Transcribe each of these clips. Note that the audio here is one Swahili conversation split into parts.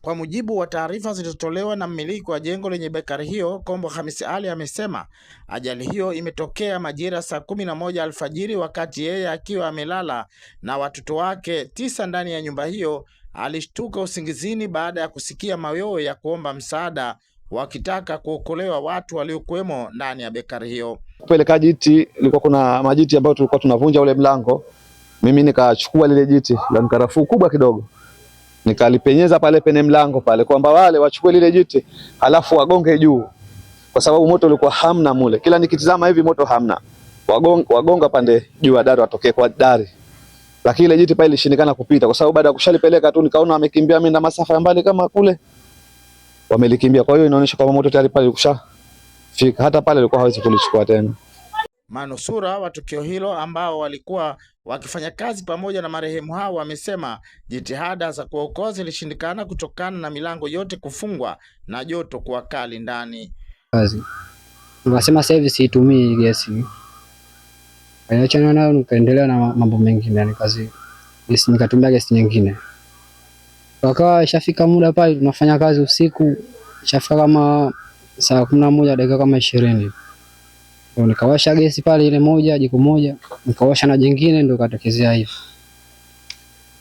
Kwa mujibu wa taarifa zilizotolewa na mmiliki wa jengo lenye bekari hiyo, Kombo Hamisi Ali amesema ajali hiyo imetokea majira saa kumi na moja alfajiri wakati yeye akiwa amelala na watoto wake tisa ndani ya nyumba hiyo. Alishtuka usingizini baada ya kusikia mayoyo ya kuomba msaada wakitaka kuokolewa watu waliokuwemo ndani ya bekari hiyo. Peleka jiti, ilikuwa kuna majiti ambayo tulikuwa tunavunja ule mlango mimi nikachukua lile jiti la mkarafuu kubwa kidogo nikalipenyeza pale penye mlango pale, kwamba wale wachukue lile jiti halafu wagonge juu, kwa sababu moto ulikuwa hamna mule. Kila nikitizama hivi moto hamna, wagonga, wagonga pande juu ya dari watokee kwa dari, lakini ile jiti pale ilishindikana kupita, kwa sababu baada ya kushalipeleka tu nikaona wamekimbia mimi na masafa ya mbali kama kule wamelikimbia. Kwa hiyo inaonyesha kwamba moto tayari pale ulikusha fika, hata pale ilikuwa hawezi kulichukua tena. Manusura wa tukio hilo ambao walikuwa Wakifanya kazi pamoja na marehemu hao, wamesema jitihada za kuokoa zilishindikana kutokana na milango yote kufungwa na joto kuwa kali ndani. Nikasema sasa hivi siitumii gesi, niachana nayo, nikaendelea na mambo mengine, yani kazi gesi, nikatumia gesi nyingine. Wakawa ishafika muda pale tunafanya kazi usiku, ishafika kama saa kumi na moja dakika kama ishirini kwa nikawasha gesi pale ile moja, jiko moja, nikawasha na jingine ndio katokezea hivyo.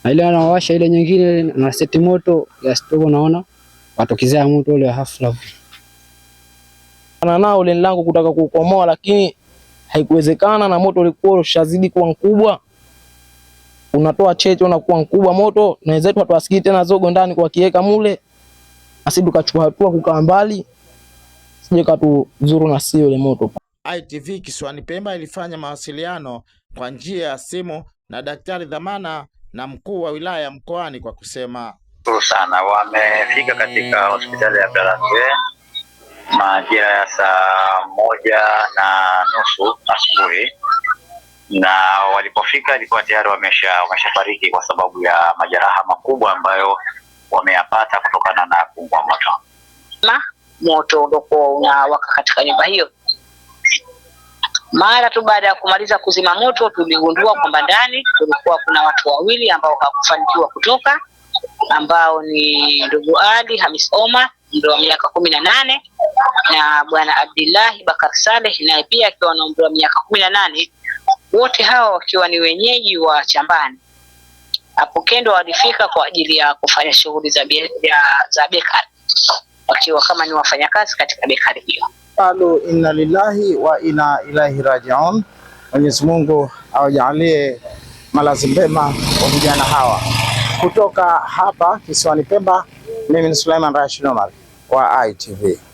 Na ile anawasha ile nyingine na seti moto ya stoko naona watokezea moto ule wa hafla. Ana nao ile lango kutaka kukomoa lakini haikuwezekana na moto ulikuwa ushazidi kuwa mkubwa. Unatoa cheche unakuwa mkubwa moto na wenzetu hatuwasikii tena zogo ndani kwa kiweka mule. Asi tukachukua hatua kukaa mbali. Sije katuzuru na sio ile moto. Pa. ITV kisiwani Pemba ilifanya mawasiliano kwa njia ya simu na daktari dhamana na mkuu wa wilaya mkoani kwa kusema shukuru sana, wamefika katika hospitali ya Plalatue majira ya saa moja na nusu asubuhi, na walipofika ilikuwa tayari wamesha wameshafariki kwa sababu ya majeraha makubwa ambayo wameyapata kutokana na kuungua moto. Moto uliokuwa unawaka katika nyumba hiyo mara tu baada ya kumaliza kuzima moto, tuligundua kwamba ndani kulikuwa kuna watu wawili ambao hawakufanikiwa kutoka, ambao ni ndugu Ali Hamis Omar umri wa miaka kumi na nane na bwana Abdullahi Bakar Saleh naye pia akiwa na umri wa miaka kumi na nane wote hawa wakiwa ni wenyeji wa Chambani. Hapo Kendo walifika kwa ajili ya kufanya shughuli za, za bekari wakiwa kama ni wafanyakazi katika bekari hiyo qalu inna lillahi wa inna ilaihi rajiun. Mwenyezi Mungu awajalie malazi mema wa vijana hawa. Kutoka hapa kisiwani Pemba, mimi ni Suleiman Rashid Omar wa ITV.